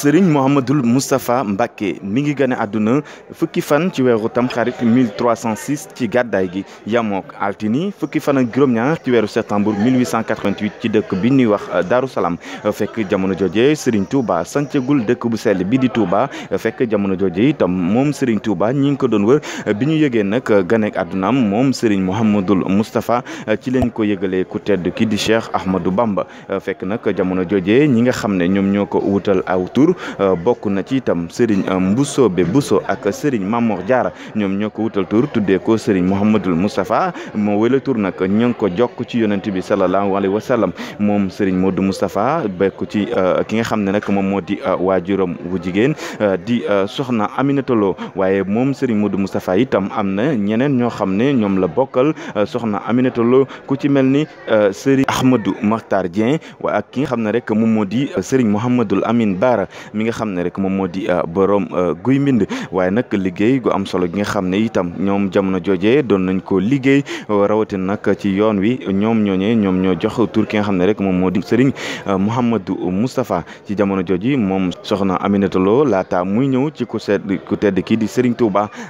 sëriñ Mouhamadul Moustapha Mbacke mi ngi gane àdduna fukki fan ci weeru tamxarit 1306 ci gàddaay gi yamook altini fukki fan ak juróom-ñaar ci weeru septembre 1888 ci dëkk bi ñuy wax Daaru Salaam fekk jamono jooje sëriñ Touba sancagul dëkk bu sell bi di Touba fekk jamono jooje itam moom sëriñ Touba ñi ngi ko doon wër bi ñu yëgee nag ganeek àddunaam moom sëriñ Mouhamadul Moustapha ci leen ko yëgalee ku tedd ki di Cheikh Ahmadou Bamba fekk nag jamono jooje ñi nga xam ne ñoom ñoo ko wutal aw Ndour euh, bokk na ci itam Serigne euh, Mbousobé Bousso ak Serigne Mamor jaara ñoom ñoo ko wutal tur tuddee ko Serigne Mouhamadul Moustapha moo wële tuur nag ñoo ngi ko jokk ci yonent bi sallallahu alayhi wa sallam moom Serigne Modou Moustapha bokk ci euh, ki nga xam ne nag moom moo di waajuram wu jigéen di soxna Aminata waaye moom Serigne Modou Moustapha itam am na ñeneen ñoo xam ne ñoom la bokkal soxna Aminata ku ci mel ni Serigne Ahmadou Makhtar Dieng waaye ak ki nga xam ne rek moom moo di Serigne Mouhamadul Amin Bara mi nga xam ne rek moom moo di euh, borom euh, guy mbind waaye nag liggéey gu am solo gi nga xam ne itam ñoom jamono jooje doon nañ ko liggéey rawatin nag ci yoon wi ñoom ñooñee ñoom ñoo jox tur ki nga xam ne rek moom moo di Serigne euh, Mouhamadou Moustapha ci jamono jooji moom soxna Aminata Lo laata muy ñëw ci ku sedd ku tedd kii di Serigne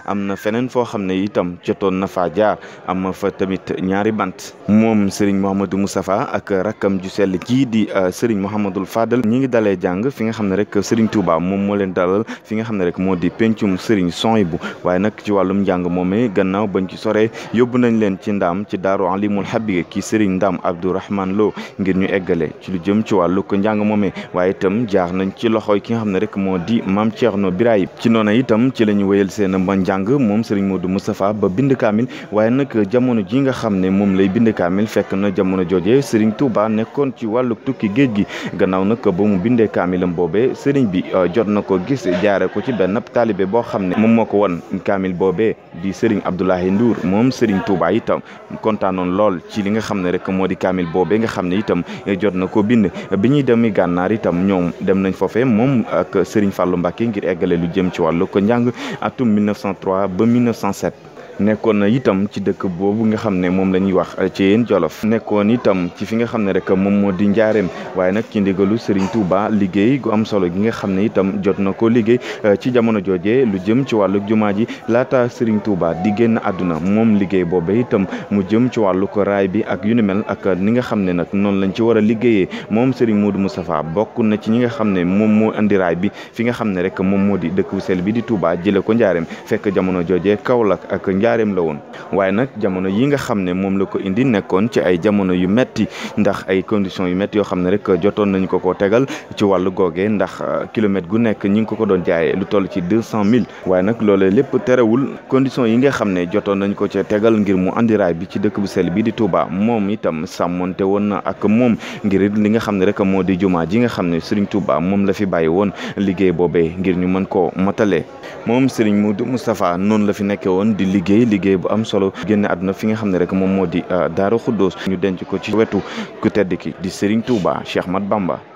am na feneen foo xam ne itam jotoon na faa jaar am fa tamit ñaari bant moom Serigne Mouhamadou Moustapha ak rakkam ju sell kii di Serigne Mouhamadou Fadel ñu ngi dalee jàng fi nga xam ne rek rek Serigne moom moo leen dalal fi nga xam ne rek moo di pencum Serigne Souhaïbou waaye nag ci wàllum njàng moomee gannaaw ba ci soree yóbbu nañ leen ci ndaam ci daaru alimul habib kii Serigne Ndaam Abdourahman Lo ngir ñu eggale ci lu jëm ci wàllu njàng moom waaye itam jaar nañ ci loxoy ki nga xam ne rek moo di Mame Thierno Birahim ci noonu itam ci la ñu wéyal seen mba njàng moom Serigne Modou Moustapha ba bind kaamil waaye nag jamono ji nga xam ne moom lay bind kaamil fekk na jamono jooje Serigne Touba nekkoon ci wàllu tukki géej gi gannaaw nag ba mu bindee kaamilam boobee sëriñ bi euh, jot na ko gis jaaree ko ci benn taalibe boo xam ne moom moo ko won kaamil boobe di sëriñ Abdoulahi Ndour moom sëriñ Touba itam kontaanoon lool ci li nga xam ne rek moo di kaamil boobee nga xam ne itam euh, jot na ko bind bi ñuy demi gànnaar itam ñoom dem nañ foofee moom ak sëriñ Fallou Mbacke ngir eggale lu jëm ci wàllu ko njàng atum 1903 ba 1907 nekkoon na itam ci dëkk boobu nga xam ne moom la ñuy wax ci yéen jolof nekkoon itam ci fi nga xam ne rek moom moo di njaareem waaye nag ci ndigalu sëriñ Touba liggéey gu am solo gi nga xam ne itam jot na ko liggéey euh, ci jamono jooje lu jëm ci wàllu jumaa ji laata Serigne Touba di génn àdduna moom liggéey boobe itam mu jëm ci wàllu ko raay bi ak yu ni mel ak ni nga xam ne nag noonu lañ ci war a liggéeyee moom Serigne Modou Moustapha bokk na ci ñi nga xam ne moom moo andi bi fi nga xam ne rek moom moo di dëkk bu sel bi di Touba jële ko njaareem fekk jamono jooje Kaolack njaareem la woon waaye nag jamono yi nga xam ne moom la ko indi nekkoon ci ay jamono yu metti ndax ay conditions yu metti yoo xam ne rek jotoon nañu ko koo tegal ci wàllu googee ndax euh, kilomètre gu nekk ñi ngi ko ko doon jaayee lu toll ci deux cent mille waaye nag loolee lépp terewul conditions yi nga xam ne jotoon nañ ko ca tegal ngir mu andi bi ci dëkk bu sell bi di Touba moom itam sàmmonte woon na ak moom ngir li nga xam ne rek moo di jumaa ji nga xam ne Serigne Touba moom la fi bàyyi woon liggéey boobee ngir ñu mën koo matale moom Serigne Modou liggéey liggéey bu am solo génn àdduna fi nga xam ne rek moom moo di euh, Daaru Xuddoos ñu denc ko ci wetu ku tedd ki di Serigne Touba Cheikh mat Bamba